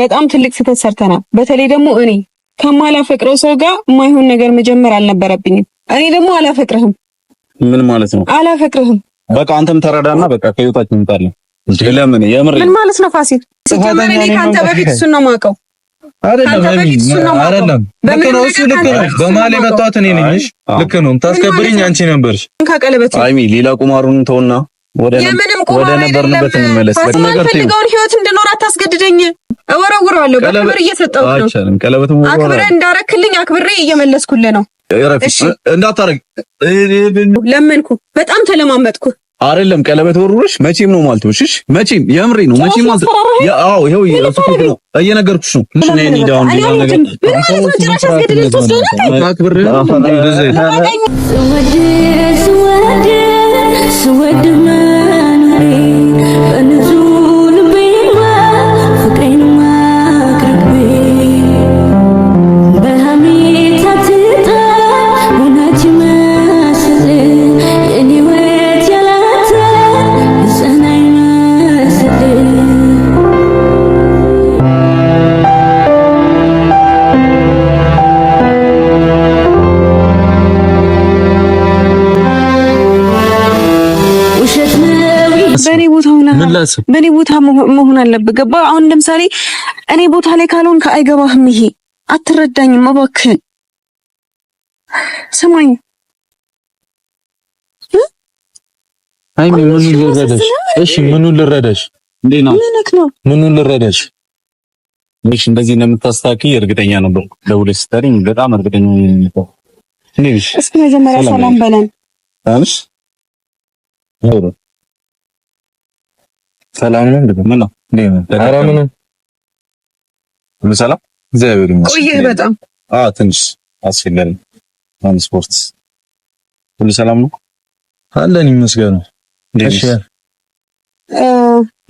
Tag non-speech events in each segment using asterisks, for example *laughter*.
በጣም ትልቅ ስህተት ሰርተናል። በተለይ ደግሞ እኔ ከማላፈቅረው ሰው ጋር የማይሆን ነገር መጀመር አልነበረብኝም። እኔ ደግሞ አላፈቅርህም። ምን ማለት ነው አላፈቅርህም? በቃ አንተም ተረዳና በቃ ከህይወታችን እንጣለን። ለምን የምር ምን ማለት ነው ፋሲል? ሲጀመር እኔ ከአንተ በፊት እሱን ነው የማውቀው። አይደለም አይደለም፣ ልክ ነው እኔ ነኝ። ልክ ነው። የምታስከብሪኝ አንቺ ነበርሽ። ሌላ ቁማሩን ተውና የምንም ቁማር አይደለም። የምንፈልገውን ህይወት እንድኖር አታስገድደኝ። እወረውረዋለሁ። በክብር እየሰጠሁት ነው። ቀለበት አክብረህ እንዳረክልኝ አክብሬ እየመለስኩልህ ነው። እንዳታረግ ለመንኩ። በጣም ተለማመጥኩ። አይደለም ቀለበት ወርውረሽ መቼም ነው ማለት ወሽሽ መቼም የምሬ ነው። መቼም ማለት ያው ይሄው ይፈቅዱ ነው እየነገርኩሽ ነው። ምን ነው እኔ ዳውን ዲላ ነገር አክብሬ ስወድ መኖሬ በእኔ ቦታ መሆን አለበት። ገባ? አሁን ለምሳሌ እኔ ቦታ ላይ ካልሆንክ አይገባህም። ይሄ አትረዳኝም። እባክህን ስማኝ። አይ ምን ልረዳሽ? እሺ ምን ልረዳሽ? ምንክ ነው? ሌና ምኑን ልረዳሽ? ሚሽ እንደዚህ እንደምታስተካክይ እርግጠኛ ነበርኩ። ደውለሽ ስታሪኝ በጣም እርግጠኛ ነበር። እስኪ መጀመሪያ ሰላም በለን። ሰላም ነው። ምን ነው? ኧረ ሰላም፣ እግዚአብሔር ይመስገን። ቆየህ በጣም? አዎ ትንሽ ትራንስፖርት ሁሉ ሰላም ነው አለን ይመስገን። እሺ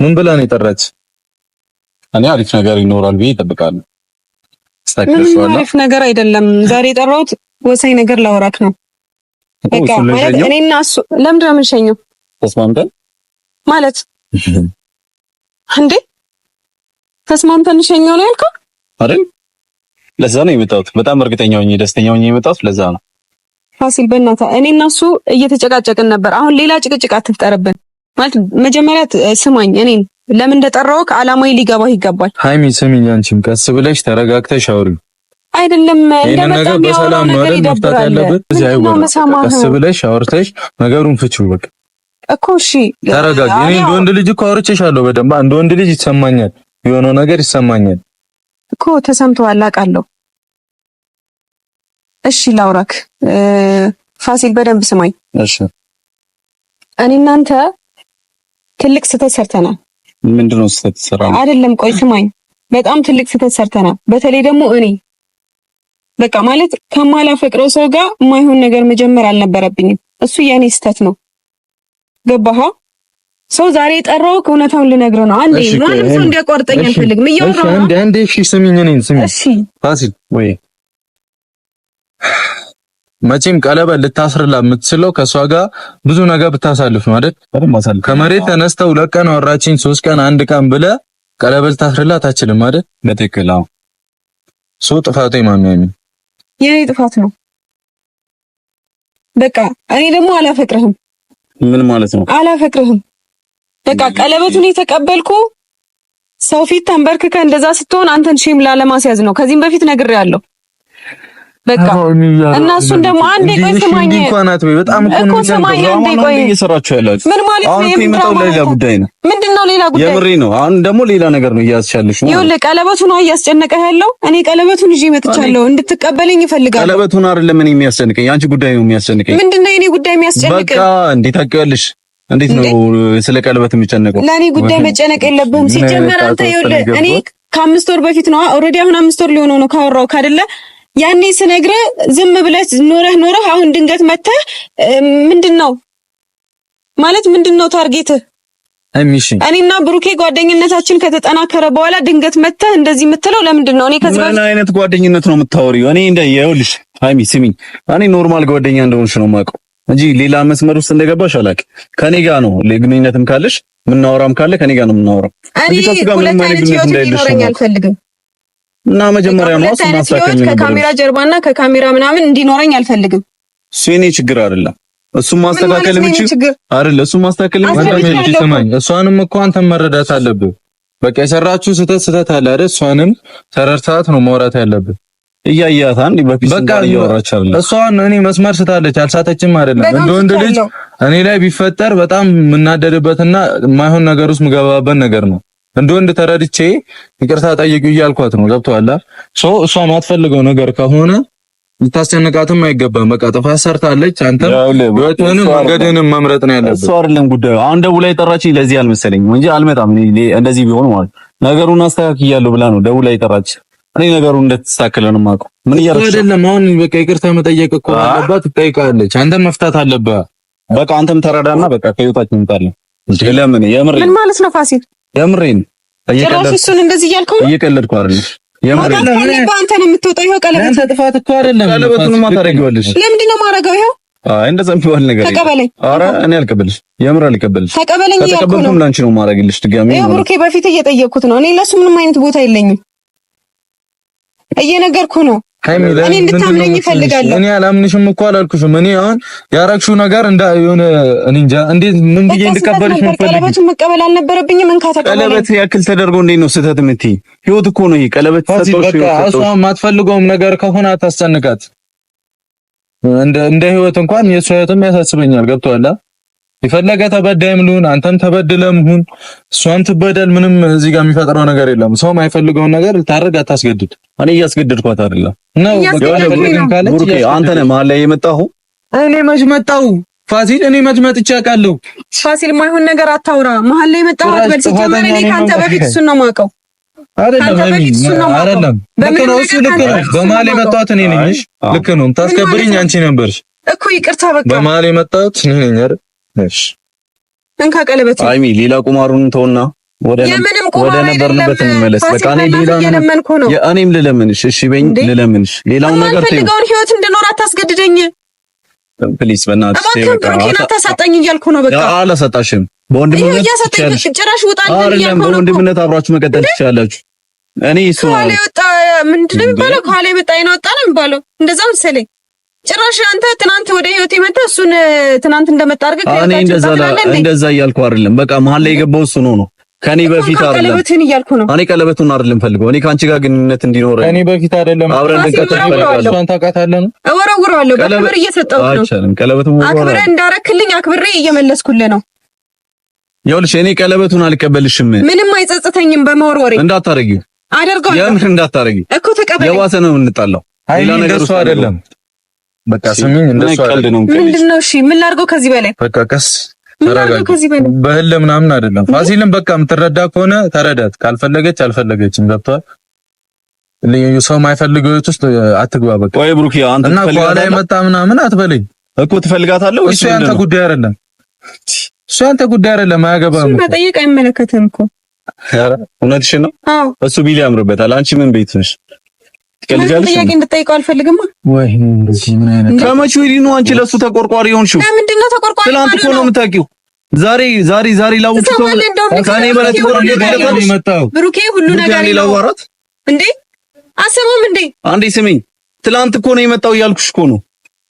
ምን ብላ ነው የጠራች? እኔ አሪፍ ነገር ይኖራል ብዬ እጠብቃለሁ። አሪፍ ነገር አይደለም። ዛሬ የጠራሁት ወሳኝ ነገር ላወራክ ነው። በቃ ማለት እኔና እሱ ለምንድን ነው የምንሸኘው? ተስማምተን ማለት *laughs* እንዴ ተስማምተን ሸኛው ነው ያልከው አይደል? ለዛ ነው የመጣሁት። በጣም እርግጠኛ ሆኜ ደስተኛ ሆኜ የመጣሁት ለዛ ነው። ፋሲል በእናትህ እኔ እና እሱ እየተጨቃጨቅን ነበር። አሁን ሌላ ጭቅጭቅ አትፍጠርብን። ማለት መጀመሪያ ስማኝ፣ እኔን ለምን እንደጠራሁህ ዓላማዬ ሊገባህ ይገባል። ሃይሚ ስሚኝ፣ አንቺም ቀስ ብለሽ ተረጋግተሽ አውሪ። አይደለም እንደመጣ ነገር በሰላም ነው መፍታት ያለብን። ቀስ ብለሽ አውርተሽ ነገሩን ፍቺው በቃ እኮ እሺ፣ ተረጋጊ። እኔ እንደ ወንድ ልጅ እኮ አውርቼሻለሁ በደንብ እንደ ወንድ ልጅ ይሰማኛል፣ የሆነው ነገር ይሰማኛል እኮ ተሰምተዋል፣ አውቃለሁ። እሺ ላውራክ፣ ፋሲል በደንብ ስማኝ እሺ። እኔ እናንተ ትልቅ ስህተት ሰርተናል። ምንድነው ስህተት ሰራ? አይደለም ቆይ ስማኝ፣ በጣም ትልቅ ስህተት ሰርተናል። በተለይ ደግሞ እኔ በቃ ማለት ከማላፈቅረው ሰው ጋር የማይሆን ነገር መጀመር አልነበረብኝም። እሱ የኔ ስህተት ነው። ገባሃ? ሰው ዛሬ የጠራው እውነታውን ልነግርህ ነው። አንዴ ማንም ሰው እንዲያቋርጠኝ አልፈልግም። እያወራሁ ነው። አንዴ እሺ፣ ስሚኝ፣ እኔን ስሚኝ። እሺ ፋሲል፣ ወይ መቼም ቀለበት ልታስርላ የምትችለው ከእሷ ጋር ብዙ ነገር ብታሳልፍ ማለት ከመሬት ተነስተው ሁለት ቀን አወራችኝ፣ ሶስት ቀን፣ አንድ ቀን ብለ ቀለበት ልታስርላ አታችልም ማለት በትክክል አዎ። ሰው ጥፋቱ ማሚ አይሚ፣ የኔ ጥፋት ነው። በቃ እኔ ደግሞ አላፈቅርህም ምን ማለት ነው? አላፈቅርህም። በቃ ቀለበቱን የተቀበልኩ ሰው ፊት ተንበርክከ እንደዛ ስትሆን አንተን ሼም ላለማስያዝ ነው። ከዚህም በፊት ነግሬያለሁ። በቃ እና እሱን ደግሞ አንዴ ቆይ ስማኝ እኮ ስማኝ አንዴ ቆይ እየሰራችሁ ያላችሁ ምን ማለት ነው? የምመጣው ሌላ ጉዳይ ነው። ምንድነው ሌላ ጉዳይ? የምሬ ነው። አሁን ደግሞ ሌላ ነገር ነው እያስቻለሽ ነው። ይኸውልህ ቀለበቱን እያስጨነቀህ ያለው እኔ ቀለበቱን ይዤ መጥቻለሁ እንድትቀበለኝ እፈልጋለሁ። ቀለበቱን አይደለም እኔ የሚያስጨንቀኝ አንቺ ጉዳይ ነው የሚያስጨንቀኝ። ምንድነው የኔ ጉዳይ የሚያስጨንቀኝ? በቃ እንዴ ታውቂዋለሽ እንዴት ነው ስለ ቀለበት የሚጨነቀው? ለእኔ ጉዳይ መጨነቅ የለብህም ሲጀመር አንተ። ይኸውልህ እኔ ከአምስት ወር በፊት ነው ኦልሬዲ አሁን አምስት ወር ሊሆነው ነው ካወራሁህ አይደለ ያኔ ስነግረ ዝም ብለህ ኖረህ ኖረህ አሁን ድንገት መተህ ምንድን ነው ማለት ምንድን ነው ታርጌትህ? እሚሽን እኔና ብሩኬ ጓደኝነታችን ከተጠናከረ በኋላ ድንገት መተህ እንደዚህ የምትለው ለምንድን ነው? እኔ ከዚህ ምን አይነት ጓደኝነት ነው የምታወሪው? እኔ እንደ ይኸውልሽ፣ ሃይሚ ስሚኝ፣ እኔ ኖርማል ጓደኛ እንደሆንሽ ነው የማውቀው እንጂ ሌላ መስመር ውስጥ እንደገባሽ አላውቅም። ከኔ ጋር ነው ግንኙነትም ካለሽ ምናወራም ካለ ከኔ ጋር ነው ምናወራው። እኔ ሁለት አይነት ህይወት ሊኖረኝ አልፈልግም። እና መጀመሪያ ነው ስናሳከኝ ከካሜራ ጀርባና ከካሜራ ምናምን እንዲኖረኝ አልፈልግም። እሱ የኔ ችግር አይደለም። እሱ ማስተካከል የሚችል አይደለ እሱ ማስተካከል የሚችል እሷንም እኮ አንተም መረዳት አለብህ። በቃ የሰራችሁ ስህተት ስህተት አለ አይደል? እሷንም ተረድተሃት ነው ማውራት ያለብህ። እያያታ እንዴ በፊት እያወራች አይደል? እሷን እኔ መስመር ስታለች አልሳተችም አይደለም። እንደ ወንድ ልጅ እኔ ላይ ቢፈጠር በጣም የምናደድበትና የማይሆን ነገር ውስጥ የምገባበት ነገር ነው እንደ ወንድ ተረድቼ ይቅርታ ጠይቁ እያልኳት ነው። ገብቶሃል? ሶ እሷ ማትፈልገው ነገር ከሆነ ልታስጨንቃትም አይገባም። በቃ ጥፋት ሰርታለች። አንተ ህይወትህንም መንገድህንም መምረጥ ነው ያለብህ። እሱ አይደለም ጉዳዩ። አሁን ደውላ የጠራችኝ ለዚህ አልመሰለኝም እንጂ አልመጣም እኔ እንደዚህ ቢሆን ማለት ነገሩን አስተካክያለሁ ብላ ነው ደውላ የጠራች። እኔ ነገሩን እንደተስተካከለ ነው የማውቀው። ምን እያደረግሽ አይደለም። አሁን በቃ ይቅርታ መጠየቅ እኮ አለባት፣ ትጠይቃለች። አንተም መፍታት አለብህ። በቃ አንተም ተረዳና በቃ ከህይወታችን እንጣለን። ለምን የምር ምን ማለት ነው ፋሲል የምሬን ጭራሽ እሱን እንደዚህ እያልከው ነው። እየቀለድኩ አይደለም። ነው የምትወጣው። ቀለበት አንተ ነው አይ ነገር ተቀበለኝ። እኔ አልቀበልሽ፣ አልቀበልሽ። ተቀበለኝ ነው። ተቀበልኩም ላንቺ ነው ድጋሚ። በፊት እየጠየቅኩት ነው። እኔ ለሱ ምንም አይነት ቦታ የለኝም፣ እየነገርኩ ነው እኔ እንድታምነኝ እፈልጋለሁ። እኔ አላምንሽም እኮ አላልኩሽም። እኔ አሁን ያረግሽው ነገር እንዳ የሆነ እንዴት ምን ብዬ እንድቀበልሽ ነው ቀለበቱን መቀበል አልነበረብኝም። እንካ ቀለበት ያክል ተደርጎ እንዴት ነው ስህተት የምትይ? ህይወት እኮ ነው ይሄ። ቀለበት እሷ የማትፈልገውም ነገር ከሆነ አታስጨንቃት። እንደ እንደ ህይወት እንኳን የእሷ ህይወትም ያሳስበኛል። ገብቶሃል? የፈለገ ተበዳይም ልሁን አንተም ተበድለም ሁን እሷም ትበደል፣ ምንም እዚህ ጋር የሚፈጥረው ነገር የለም። ሰው የማይፈልገውን ነገር ልታደርግ አታስገድድ። እኔ እያስገደድኳት አይደለም ነው። አንተ ነህ መሀል ላይ የመጣሁ። እኔ መች መጣሁ? ፋሲል እኔ መች መጥቼ አውቃለሁ? ፋሲል ማይሆን ነገር አታውራ። መሀል ላይ መጣሁ አትበል። ሲጀመር እኔ ከአንተ በፊት እሱን ነው የማውቀው። አይደለም ልክ ነው እሱ ልክ ነው። በመሀል የመጣሁት እኔ ነኝ። እሺ ልክ ነው። የምታስከብሪኝ አንቺ ነበርሽ እኮ። ይቅርታ በቃ በመሀል የመጣሁት እኔ ነኝ አይደል? እሺ እንካ ቀለበት። አይሚ ሌላ ቁማሩን ተውና ወደ ነበርንበት እንመለስ። በቃ እኔ ሌላ ነው የእኔም ልለምንሽ፣ እሺ በይኝ፣ ልለምንሽ። ነገር ህይወት እንድኖር አታስገድደኝ ፕሊስ፣ በእናትሽ በቃ አታሳጣኝ እያልኩ ነው። በቃ አላሳጣሽም። በወንድምነት ጭራሽ ውጣልኝ እያልኩ ነው። በወንድምነት አብራችሁ መቀጠል እኔ እሱ ከኋላ የወጣ ምንድን ነው የሚባለው? ከኋላ የመጣ ወጣ ነው የሚባለው። እንደዛ መሰለኝ። ጭራሽ አንተ ትናንት ወደ ህይወቴ መጣ፣ እሱን ትናንት እንደመጣ አድርገህ እንደዛ እያልኩ አይደለም። በቃ መሀል ላይ የገባው እሱ ነው ነው ከኔ በፊት አይደለም እኔ ቀለበቱን አይደለም ፈልገው እኔ ካንቺ ጋር ግንኙነት እንዲኖር ከኔ በፊት አይደለም አብረን ልንቀጥል ፈልጋለሁ። እሷን ታውቃታለህ ነው እወረውረዋለሁ። በክብር እየሰጠሁት ነው። አይቻልም። ቀለበቱን አክብረህ እንዳረክልኝ አክብሬ እየመለስኩልህ ነው። ይኸውልሽ እኔ ቀለበቱን አልቀበልሽም። ምንም አይጸጽተኝም። በመወርወሬ እንዳታረጊው አደርገዋለሁ። የምር እንዳታረጊው እኮ ተቀበል። የባሰ ነው እንጣላው። ሌላ ነገር እሱ አይደለም። በቃ ስሚኝ፣ እንደሱ አይደለም። ምንድነው? እሺ ምን ላድርገው ከዚህ በላይ በቃ ቀስ በህል ምናምን አይደለም። ፋሲልን በቃ የምትረዳ ከሆነ ተረዳት፣ ካልፈለገች አልፈለገችም። ገብቷል። ሰው ማይፈልገው ቤት ውስጥ አትግባ። በቃ ወይ ብሩክ አንተ እና ከኋላ የመጣ ምናምን አትበለኝ እኮ ትፈልጋታለህ። እሱ ያንተ ጉዳይ አይደለም። እሱ ያንተ ጉዳይ አይደለም። አያገባህም። እሱ መጠየቅ አይመለከትህም እኮ። ኧረ እውነትሽን ነው። እሱ ቢል ያምርበታል። አንቺ ምን ቤት ነሽ? ትቀልጃለሽ። ጥያቄ እንድጠይቀው አልፈልግም። ወይ ምን አይነት ከመቼ ወዲህ ነው አንቺ ለሱ ተቆርቋሪ የሆንሽው? ለምንድን ነው ተቆርቋሪ? ትናንት እኮ ነው የምታውቂው ዛሬ ዛሬ ዛሬ ላውጡ ሰው ካኔ ማለት ነው የመጣው ብሩኬ ሁሉ ነገር ይላዋራት እንዴ አሰሩም እንዴ አንዴ ስሚኝ፣ ትላንት እኮ ነው የመጣው እያልኩሽ እኮ ነው።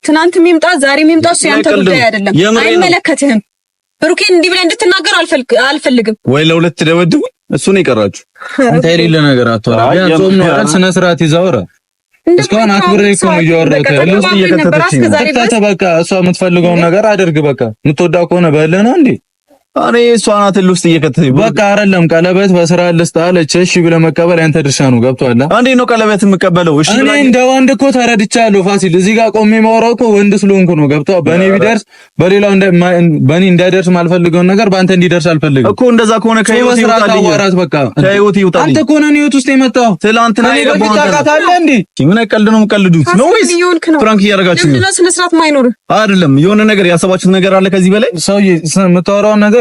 ትናንት የሚምጣ ዛሬ የሚምጣ እሱ ያንተ ጉዳይ አይደለም፣ አይመለከትህም። ብሩኬ እንዲህ ብለህ እንድትናገር አልፈልግ አልፈልግም። ወይ ለሁለት ደበድቡ እሱ ነው የቀራችሁ። አንተ የሌለ ነገር አትወራ። ያ ጾም ነው። ስነ ስርዓት ይዛውራ እስካሁን አክብሬ እኮ ነው እያወራሁት ልብስ እየከተተች ነው። በቃ እሷ የምትፈልገውን ነገር አድርግ። በቃ የምትወዳው ከሆነ በልህ ነው እንዴ እኔ እሷ ናት ውስጥ እየከተተኝ በቃ አይደለም ቀለበት በስራ ልስጥ አለች። እሺ ብለህ መቀበል ያንተ ድርሻ ነው። ገብቶሃል? እንዴት ነው ቀለበት የምቀበለው? እሺ እኔ እንደ ወንድ እኮ ተረድቻለሁ ፋሲል። እዚህ ጋር ቆሜ የማወራው እኮ ወንድ ስለሆንኩ ነው። ገብቶሃል? በእኔ ቢደርስ በሌላው በእኔ እንዳይደርስ የማልፈልገውን ነገር በአንተ እንዲደርስ አልፈልግም እኮ። እንደዛ ከሆነ ከህይወት ይውጣልኝ። በቃ ከህይወት ይውጣልኝ። አንተ ከሆነ ህይወት ውስጥ የመጣው ትላንትና ነው። ምን ነው የምቀልዱት ነው ወይስ ፍራንክ እያደረጋችሁ ነው? አይደለም የሆነ ነገር ያሰባችሁት ነገር አለ ከዚህ በላይ ሰውዬ የምታወራውን ነገር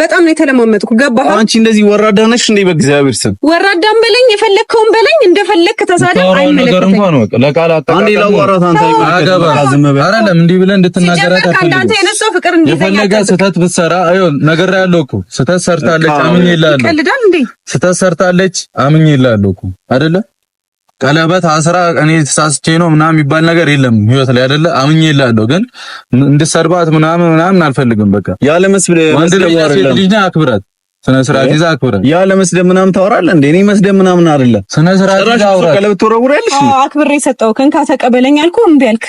በጣም ነው የተለማመጥኩ። ገባህ? አንቺ እንደዚህ ወራዳ ነሽ እንዴ? በእግዚአብሔር ስም ወራዳም በለኝ የፈለግከውን በለኝ፣ እንደፈለግክ ተሳደብ። አይመለከተኝ ነገር ያለው እኮ ስህተት ሰርታለች አምኜ ይላለሁ። ስህተት ሰርታለች አምኜ ይላለሁ እኮ አይደለ ቀለበት አስራ እኔ ተሳስቼ ነው ምናምን የሚባል ነገር የለም ህይወት ላይ አይደለ? አምኜ እላለሁ፣ ግን እንድሰርባት ምናምን ምናምን አልፈልግም። በቃ ያለ መስብ ልጅ አክብራት፣ ስነ ስርዓት ይዛ አክብራት። ያለ መስደብ ምናምን ታወራለህ እንዴ? እኔ መስደብ ምናምን አይደለ ስነ ስርዓት ይዛ አውራ። ቀለበት ትወረውራለሽ? አክብሬ ሰጠው ከንካ ተቀበለኝ አልኩ እምቢ አልክ።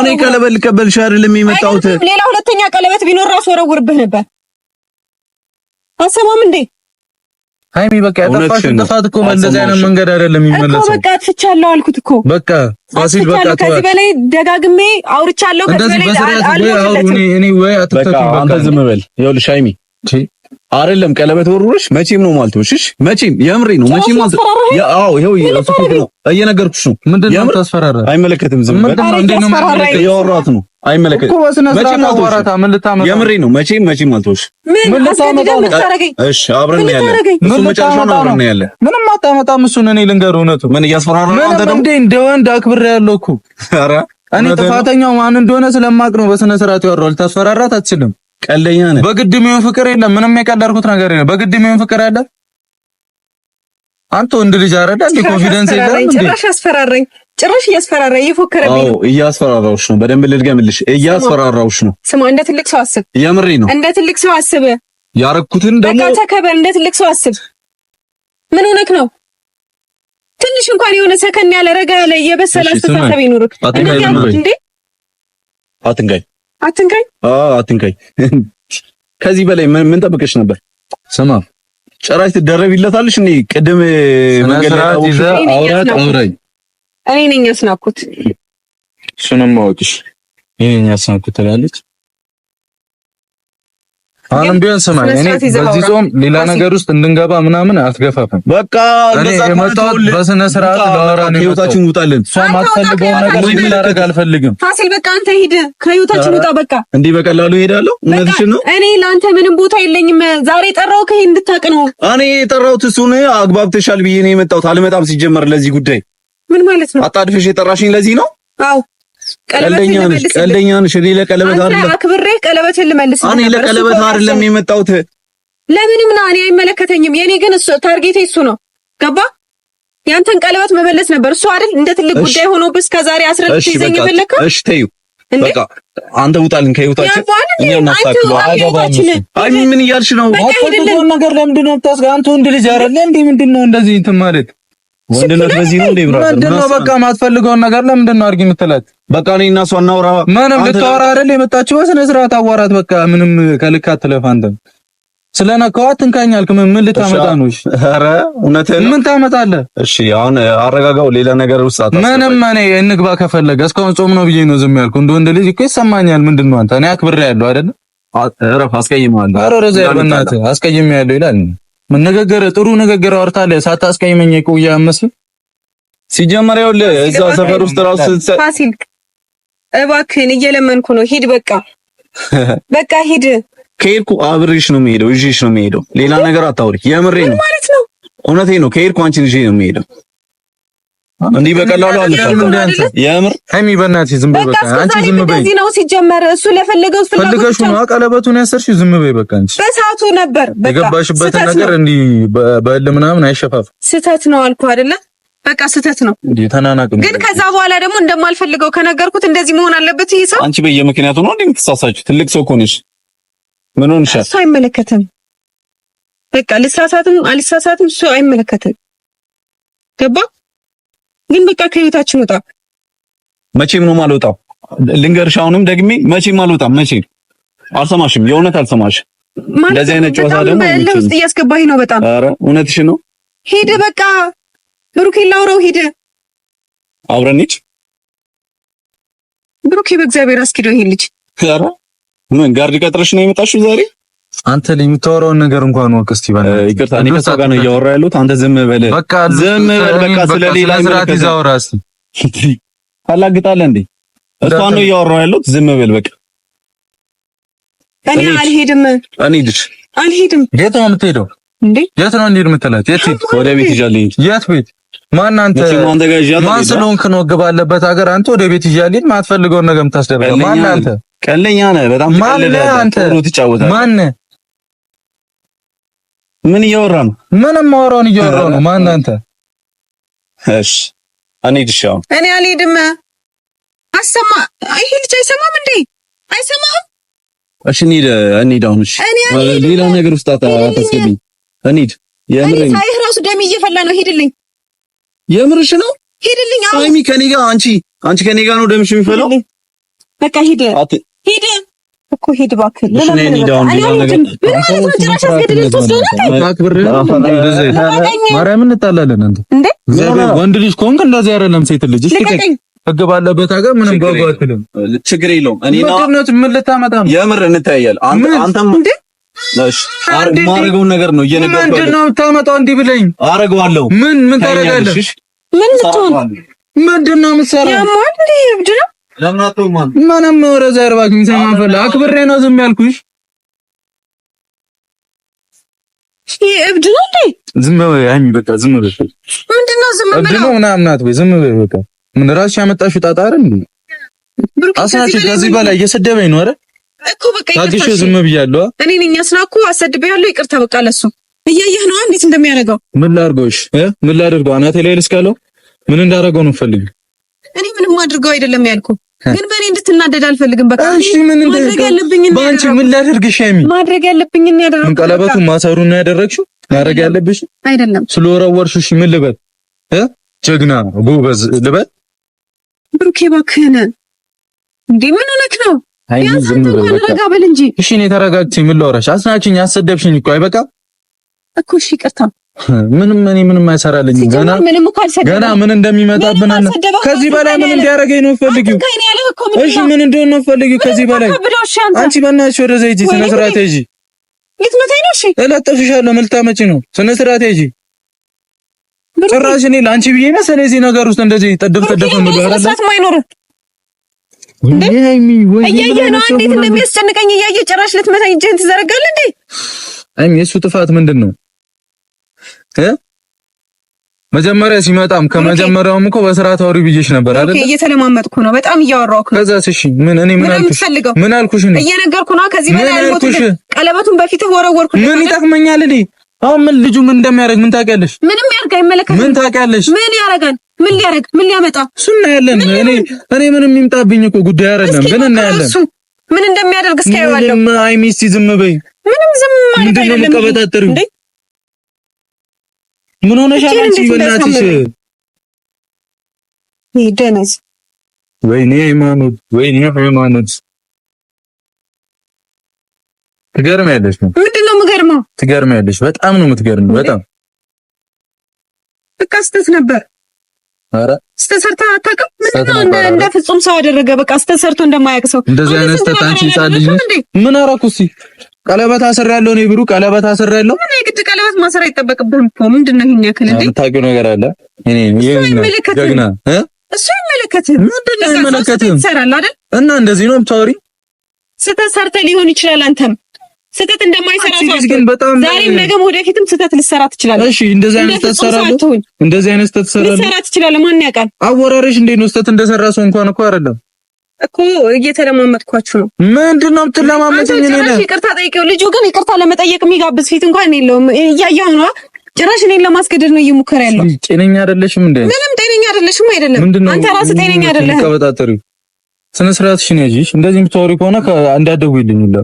እኔ ቀለበት ልቀበልሽ አይደለም የመጣሁት። ሌላ ሁለተኛ ቀለበት ቢኖር ራሱ ወረውርብህ ነበር። አሰማም እንዴ ሀይሚ በቃ ያጠፋሽ ጥፋት እኮ በእንደዚህ አይነት መንገድ አይደለም የሚመለሰው በቃ አጥፍቻለሁ አልኩት እኮ በቃ ፋሲል በቃ ከዚህ በላይ ደጋግሜ አውርቻለሁ ከዚህ በላይ አልኩት እኔ ወይ አጥፍቻለሁ በቃ አንተ ዝም በል ይኸውልሽ ሀይሚ አይደለም ቀለበት ወርውርሽ መቼም ነው ማለት ወሽሽ መቼም የምሬ ነው መቼም ማለት ያው ይሄው እየነገርኩሽ ነው ምንድነው ታስፈራራ አይመለከትም ዝም በል ምንድነው ነው ያወራሁት ነው አይመለከትም መቼም አልተውሽም። የምሬ ነው። ምን ልታመጣ ነው? እሺ አብረን አብረን ምንም ምን ነው? አንተ እንደ ወንድ ማን እንደሆነ ስለማቅ ነው በስነ ስርዓት ያወራው። ቀለኛ ነህ። በግድም ይሁን ፍቅር የለም። ምንም ነገር በግድም ይሁን ፍቅር አንተ ልጅ አረዳ እንደ ኮንፊደንስ የለም እንዴ? ጭራሽ አስፈራራኝ ጭራሽ እያስፈራራ እየፎከረብኝ ነው። እያስፈራራውሽ ነው። በደንብ ልድገምልሽ፣ እያስፈራራውሽ ነው። ስማ፣ እንደ ትልቅ ሰው አስብ። የምሬ ነው። እንደ ትልቅ ሰው አስብ። ያረኩትን ደግሞ በቃ ተከበር። እንደ ትልቅ ሰው አስብ። ምን ሆነክ ነው? ትንሽ እንኳን የሆነ ሰከን ያለ ረጋ ያለ የበሰለ አስተሳሰብ ይኑርክ። እንዴ አትንካኝ፣ አትንካኝ፣ አትንካኝ። *laughs* ከዚህ በላይ ምን ጠብቀሽ ነበር? ስማ፣ ጭራሽ ትደረቢለታለሽ። እንዴ? ቅድም መንገድ ላይ አውራት አውራኝ እኔ ነኝ ያስናኩት። እሱንም ማወቅሽ እኔ ነኝ ያስናኩት ትላለች። አሁንም ቢሆን ስማኝ፣ እኔ በዚህ ጾም ሌላ ነገር ውስጥ እንድንገባ ምናምን አትገፋፍም። በቃ እኔ የመጣሁት በስነ ስርዓት ለወራ ነው። ህይወታችን ውጣልን። እሷ ማትፈልገው ነገር ምን ላደርግ አልፈልግም። ፋሲል በቃ አንተ ሂድ፣ ከህይወታችን ውጣ። በቃ እንዲህ በቀላሉ እሄዳለሁ። እውነትሽን ነው። እኔ ለአንተ ምንም ቦታ የለኝም። ዛሬ ጠራው ከሄድ እንድታቅ ነው። እኔ የጠራሁት እሱን ተሻል ብዬ ነው የመጣሁት። አልመጣም ሲጀመር ለዚህ ጉዳይ ምን ማለት ነው? አጣድፍሽ የጠራሽኝ ለዚህ ነው? አዎ ቀለበትን ልመልስ። ቀለኛ ለቀለበት አይደለም አክብሬ ቀለበት ልመልስ። እኔ ለቀለበት አይደለም የመጣሁት። ለምንም ነው እኔ አይመለከተኝም። የኔ ግን እሱ ታርጌቴ እሱ ነው። ገባ? ያንተን ቀለበት መመለስ ነበር እሱ አይደል? እንደ ትልቅ ጉዳይ ሆኖ እስከ ዛሬ አስረድቼ ይዘኝ የፈለግከው። እሺ ተይው በቃ አንተ ውጣልን ከህይወታችን። አይ ምን እያልሽ ነው? ነገር ለምንድን ነው የምታስገ አንተ ወንድ ልጅ አይደለ እንዴ? ምንድን ነው እንደዚህ እንትን ማለት ወንድነት በዚህ ነው እንዴ? ብራዘር ምንድን ነው በቃ የማትፈልገውን ነገር ለምንድን ነው አድርጊ የምትላት? በቃ እኔ እና እሷ እናውራ። ምንም ልታወራ አይደል የመጣችው? በስነ ስርዓት አዋራት። በቃ ምንም ከልክ አትለፍ። አንተም ስለነካዋት ትንካኛል። ምን ምን ልታመጣ ነው? እሺ፣ አረ እውነትህን ምን ታመጣለህ? እሺ፣ አሁን አረጋጋው። ሌላ ነገር ውስጥ አታስብ። ምንም እኔ እንግባ ከፈለገ እስካሁን ጾም ነው ብዬ ነው ዝም ያልኩ። እንደ ወንድ ልጅ እኮ ይሰማኛል። ምንድን ነው አንተ እኔ አክብሬ ያለሁ አይደል? እረፍ፣ አስቀይሜዋለሁ። ኧረ ረዛ በእናትህ ያለው ይላል ንግግር ጥሩ ንግግር አውርታለህ ሳታስቀይመኝ ቆየ አመስል ሲጀመር ይኸውልህ እዛ ሰፈር ውስጥ ራሱ ፋሲል እባክህን እየለመንኩ ነው ሂድ በቃ *laughs* በቃ ሂድ ከሄድኩ አብሬሽ ነው የምሄደው እሺ ነው የምሄደው ሌላ ነገር አታውሪ የምሬ ነው ማለት ነው እውነቴ ነው ከሄድኩ አንቺን ይዤ ነው የምሄደው እንዲህ በቀላሉ አልፈለም። የምር ሃይሚ በእናትሽ ዝም በይ በቃ። አንቺ ዝም በይ ነው ሲጀመር እሱ ለፈለገው ፈልገሽ ነው ቀለበቱን ያሰርሽው። ዝም በይ በቃ። አንቺ በሰዓቱ ነበር በቃ የገባሽበት ነገር እንዲህ በእል ምናምን አይሸፋፍ። ስህተት ነው አልኩ አይደለ? በቃ ስህተት ነው እንዴ ተናናቅ። ግን ከዛ በኋላ ደግሞ እንደማልፈልገው ከነገርኩት እንደዚህ መሆን አለበት ይሄ ሰው። አንቺ በየምክንያቱ ነው እንዴ የምትሳሳችሁ? ትልቅ ሰው እኮ ነሽ። ምን ሆንሻል? እሱ አይመለከትም። በቃ ልሳሳትም አልሳሳትም እሱ አይመለከትም። ገባ ግን በቃ ከህይወታችን ወጣ። መቼም ነው የማልወጣው። ልንገርሽ አሁንም ደግሜ መቼም አልወጣም። መቼም አልሰማሽም፣ የእውነት አልሰማሽም። እንደዚህ አይነት ጨዋታ ደግሞ ውስጥ እያስገባኝ ነው በጣም። ኧረ እውነትሽ ነው። ሄደ በቃ ብሩኬ ላውራው ሄደ አብረን ሂድ ብሩኬ፣ በእግዚአብሔር አስኪደው ይሄን ልጅ ኧረ ምን ጋርድ ቀጥረሽ ነው የመጣሽው ዛሬ? አንተ ላይ የምታወራውን ነገር እንኳን ወቅ እስቲ ባለ ይቅርታ፣ እኔ ከሷ ጋር ነው እያወራ ያለሁት። አንተ ዝም በል፣ ዝም በል። በቃ ስለሌላ ስራት ይዛወራ እስቲ ታላግጣለህ እንዴ? እሷ ነው እያወራ ያለሁት። ዝም በል በቃ። እኔ አልሄድም። እኔ ልጅ አልሄድም። የት ነው የምትሄደው እንዴ? የት ነው እንዴ የምትላት? የት ወደ ቤት ይዣልኝ። የት ቤት ማን አንተ ማን ማን ስለሆንክ ነው ግባ አለበት ሀገር አንተ ወደ ቤት ይዣልኝ። ማትፈልገውን ነገር የምታስደርገው ማን አንተ? ቀለኛ ነህ በጣም። ማን አንተ? ምን እያወራ ነው? ምንም ማወራውን እያወራ ነው። ማን አንተ? እሺ አንሂድ። ድሻው አሁን እኔ አልሄድም። አሰማ ይሄ ልጅ አይሰማም እንዴ? አይሰማም። እሺ እንሂድ፣ እንሂድ አሁን። እሺ ሌላ ነገር ውስጥ አታስገብኝ። እንሂድ። የምሬን ሳይህ ራሱ ደም እየፈላ ነው። ሄድልኝ። የምርሽ ነው? ሄድልኝ። አሁን ሳይሚ ከኔ ጋር አንቺ አንቺ ከኔ ጋር ነው ደምሽ የሚፈለው። በቃ ሂድ፣ ሂድ እኮ ሂድ እባክህ። ወንድ ልጅ ከሆንክ እንደዚህ አይደለም ሴት ልጅ ህግ ባለበት ሀገር ምንም ጓጓ አትልም። ችግር የለውም። እኔ ምን ልታመጣ ነው? የምር እንታያለን። አንተም ማረገውን ነገር ነው እየነገርኩህ። ምንድን የምታመጣው? እንዲህ ብለኝ አረገዋለሁ። ምን ምን ታደርጋለህ? ምን ልትሆን ምንድን ነው የምትሰራው? ምንም ወረዛ ያርባክኝ ሰማፈል አክብሬ ነው ዝም ያልኩሽ። እብድ ነው እንዴ? ዝም በይ በቃ ዝም በይ። ምንድነው ዝም እብድ ነው ምናምን ናት ወይ? ዝም በይ በቃ። ምን ራስሽ ያመጣሽው ጣጣ አይደል? ከዚህ በላይ እየሰደበኝ ነው። እኮ በቃ ዝም ብያለሁ። እኔ ነኝ አስናኩ፣ ይቅርታ በቃ ለሱ እያየህ ነው እንዴት እንደሚያደርገው። ምን ላድርገውሽ? ምን ላድርገው? አናቴ ላይ ልስካለው? ምን እንዳደረገው ነው ፈልግ። እኔ ምንም አድርገው አይደለም ያልኩ ግን በእኔ እንድትናደድ አልፈልግም። በቃ እሺ፣ ምን ማድረግ ያለብኝ ባንቺ ምን ላደርግሽ? ሀይሚ ማድረግ ያለብኝ ነው ያደረኩት። ቀለበቱ ማሰሩ ነው ያደረግሽው። ማድረግ ያለብሽ አይደለም ስለወረወርሽው። እሺ፣ ምን ልበል? ጀግና ጎበዝ ልበል? ብሩኬ እባክህን፣ እንዴ ምን ሆነክ ነው? ቢያንስ እንኳን ረጋ በል እንጂ። እሺ፣ እኔ ተረጋግቼ ምን ላወራሽ? አስናችኝ፣ አሰደብሽኝ እኮ አይበቃ እኮ። እሺ፣ ይቅርታ ምንም እኔ ምንም አይሰራልኝ። ገና ገና ምን እንደሚመጣብን ከዚህ በላይ ምን እንዲያደርገኝ ነው ፈልጊው? እሺ ምን እንደሆነ ነው ፈልጊው? ከዚህ በላይ አንቺ በእናትሽ ወደ ሂጂ፣ ስነ ስርዓት ሂጂ። እለጥፍሻለሁ። ምን ልታመጪ ነው? ስነ ስርዓት ሂጂ። ጭራሽ እኔ ለአንቺ ብዬ መሰለኝ እዚህ ነገር ውስጥ እንደዚህ ጥድፍ ጥድፍ ምን እያየህ ነው እንዴት እንደሚያስጨንቀኝ እያየህ ጭራሽ ልትመታኝ እጅህን ትዘረጋለህ እንዴ? አይሚ የእሱ ጥፋት ምንድን ነው? መጀመሪያ ሲመጣም ከመጀመሪያውም እኮ በስርዓት አውሪ ብዬሽ ነበር አይደል? ኦኬ፣ እየተለማመጥኩ ነው። በጣም እያወራሁ ነው። ከዛስ? እሺ፣ ምን እኔ ምን አልኩሽ? ምን አልኩሽ? እኔ እየነገርኩ ነው። ከዚህ በላይ አልሞትም። ቀለበቱን በፊት ወረወርኩ። ምን ይጠቅመኛል? እኔ አሁን ምን ልጁ ምን እንደሚያደርግ ምን ታውቂያለሽ? ምንም ያርጋ ይመለከት። ምን ታውቂያለሽ? ምን ያረጋል? ምን ሊያደርግ ምን ሊያመጣ? እሱን እናያለን። እኔ እኔ ምንም የሚምጣብኝ እኮ ጉዳይ አይደለም፣ ግን እናያለን ምን እንደሚያደርግ እስኪ አይዋለው። አይ ሚስቲ ዝም በይ። ምንም ዝም ማለት አይደለም። ምን ሆነሽ አንቺ? በእናትሽ ይደነስ። ወይኔ ሃይማኖት፣ ወይኔ ሃይማኖት፣ ትገርሚያለሽ። ምንድን ነው የምገርመው? ትገርሚያለሽ። በጣም ነው የምትገርሚው። በጣም በቃ ስተት ነበር። አረ ስተት ሰርታ አታውቅም። ምንድን ነው እንደ ፍጹም ሰው አደረገ። በቃ ስተሰርቶ ሰርቶ እንደማያውቅ ሰው እንደዚህ አይነት ስተት አንቺ ጻድልኝ ምን አረኩሲ ቀለበት አስራ ያለው ነው ብሩ ቀለበት አስራ ያለው ምን የግድ ቀለበት ማሰር አይጠበቅብህም እኮ ምንድነው? ይሄን ያክል እንዴ የምታውቂው ነገር አለ። እኔ ጀግና እ እሱ አይመለከትህም። ምንድነው አይመለከትህም? ትሰራለህ አይደል? እና እንደዚህ ነው የምታወሪ። ስህተት ሰርተህ ሊሆን ይችላል። አንተም ስህተት እንደማይሰራ ሰው ግን በጣም ዛሬም ነገም ወደፊትም ስህተት ልሰራ ትችላለህ። እሺ፣ እንደዚህ አይነት ተሰራለህ፣ እንደዚህ አይነት ተሰራለህ፣ ልሰራ ትችላለህ። ማን ያውቃል? አወራረሽ እንዴት ነው? ስህተት እንደሰራ ሰው እንኳን እኮ አይደለም እኮ እየተለማመጥኳችሁ ነው። ምንድን ነው የምትለማመጥኝ? ይቅርታ ጠይቀው። ልጁ ግን ይቅርታ ለመጠየቅ የሚጋብዝ ፊት እንኳን የለውም። እያየሁ ነው። ጭራሽ እኔን ለማስገደድ ነው እየሞከረ ያለው። ጤነኛ አይደለሽም እንዴ? ምንም ጤነኛ አይደለሽም። አይደለም አንተ ራስህ ጤነኛ አይደለህም። ቀበጣጠሪ ስነ ሽን ያዥሽ። እንደዚህ የምታወሪ ከሆነ እንዳትደውይልኝ ይላል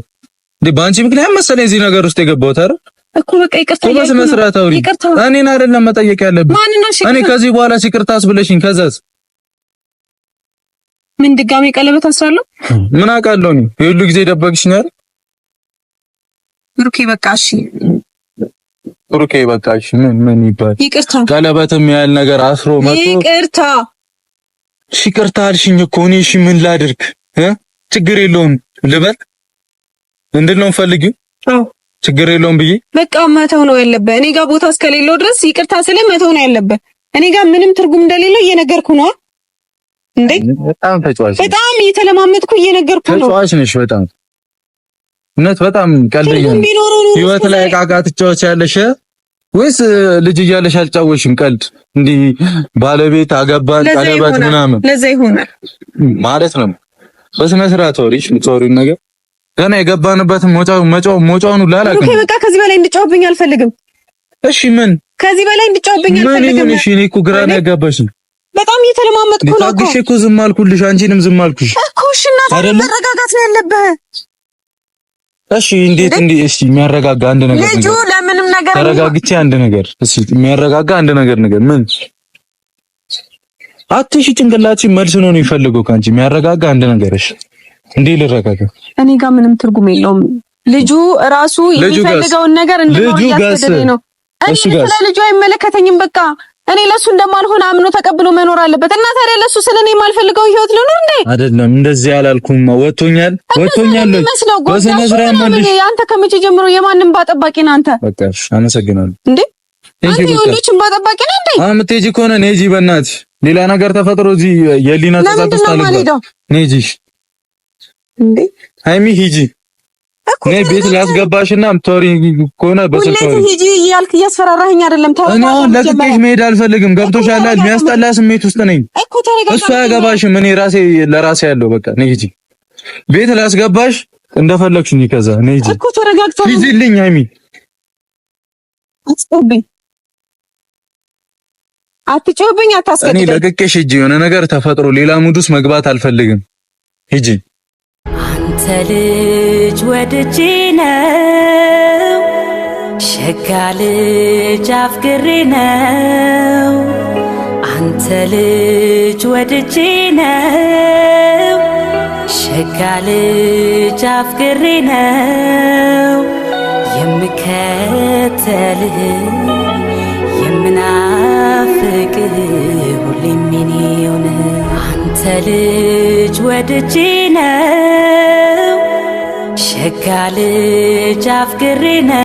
እንዴ። በአንቺ ምክንያት መሰለኝ እዚህ ነገር ውስጥ የገባሁት አይደል? እኮ በቃ ይቅርታ በስነ ስርዓት አውሪ። እኔን አይደለም መጠየቅ ያለብን። እኔ ከዚህ በኋላ ሲቅርታስ ብለሽኝ ከዛስ ምን ድጋሜ ቀለበት አስራለሁ? ምን አውቃለሁ ነው የሁሉ ጊዜ ደበቅሽኝ አይደል? ብሩኬ በቃ እሺ፣ ብሩኬ በቃ እሺ። ምን ምን ይባል ይቅርታ፣ ቀለበትም ያህል ነገር አስሮ መጥቶ ይቅርታ። እሺ ይቅርታ አልሽኝ እኮ እኔ። እሺ ምን ላድርግ? ችግር የለውም ልበል እንድነው ፈልጊው። አዎ ችግር የለውም ብዬ በቃ መተው ነው ያለበት። እኔ ጋር ቦታ እስከሌለው ድረስ ይቅርታ ስለ መተው ነው ያለበት። እኔ ጋር ምንም ትርጉም እንደሌለው እየነገርኩ ነው። እንዴ በጣም ተጫዋች በጣም እየተለማመጥኩ እየነገርኩ ነው። ተጫዋች ነሽ በጣም እውነት በጣም ቀልደኛ ህይወት ላይ ወይስ ልጅ እያለሽ አልጫወሽም? ቀልድ እንዲህ ባለቤት አገባን ቀለበት ምናምን ለዛ ይሆናል ማለት ነው። በስነ ስርዓት ወሪሽ ነገር ገና የገባንበትን ሞጫው መጫው ሞጫውን አላውቅም። በቃ ከዚህ በላይ እንድጫወብኝ አልፈልግም። እሺ ምን ከዚህ በላይ እንድጫወብኝ አልፈልግም። እሺ እኔ እኮ ግራ ነው በጣም እየተለማመጥኩ ነው እኮ እኮ ዝም አልኩልሽ፣ አንቺንም ዝም አልኩሽ እኮ። እሺ እናት መረጋጋት ነው ያለብህ። እሺ እንዴት እንዴ? እሺ የሚያረጋጋ አንድ ነገር ልጁ ለምንም ነገር ተረጋግቼ አንድ ነገር እሺ፣ የሚያረጋጋ አንድ ነገር ነገር ምን አትሺ፣ ጭንቅላትሽ መልስ ነው የሚፈልገው ከአንቺ የሚያረጋጋ አንድ ነገር። እሺ እንዴ ልረጋጋ? እኔ ጋር ምንም ትርጉም የለውም። ልጁ ራሱ የሚፈልገውን ነገር እንደሆነ ያስተደደ ነው። እሺ ጋር ልጁ አይመለከተኝም በቃ እኔ ለሱ እንደማልሆን አምኖ ተቀብሎ መኖር አለበት። እና ታዲያ ለሱ ስለ እኔ የማልፈልገው ህይወት ልኖር እንዴ? አይደለም፣ እንደዚህ አላልኩም። ወቶኛል፣ ወቶኛል። በስነ ስርዓት መልሽ። አንተ ከመቼ ጀምሮ የማንም ባጠባቂ ነህ አንተ? በቃ እሺ፣ አመሰግናለሁ። እንዴ አንተ የወንዶችን ባጠባቂ ነህ እንዴ? አምጥጂ ከሆነ ነጂ፣ በእናትሽ ሌላ ነገር ተፈጥሮ እዚህ የሊና ተጻፈ ታለበት ነጂ። እንዴ ሃይሚ ሂጂ እኔ ቤት ላስገባሽና ምታወሪኝ ከሆነ በስልክ ሂጂ እያልክ እያስፈራራኸኝ አይደለም። እኔ አሁን ለቅቄሽ መሄድ አልፈልግም። ገብቶሻል? የሚያስጠላ ስሜት ውስጥ ነኝ። እሱ አያገባሽም። እኔ ራሴ ለራሴ ያለው በቃ ነይ ሂጂ። ቤት ላስገባሽ እንደፈለግሽ ነይ። ከዛ ነይ ሂጂ እኮ ተረጋግተሽ ሂጂልኝ። ሃይሚ አትጮህብኝ፣ አትጮህብኝ፣ አታስገድደኝ። እኔ ለቅቄሽ ሂጂ። የሆነ ነገር ተፈጥሮ ሌላ ሙድ ውስጥ መግባት አልፈልግም። ሂጂ ያንተ ልጅ ወድጄ ነው ሸጋ ልጅ አፍቅሬ ነው አንተ ልጅ ወድጄ ነው ሸጋ ልጅ አፍቅሬ ነው የምከተልህ የምናፍቅህ ልጅ ወድጄ ነው ሸጋ ልጅ አፍቅሬ ነው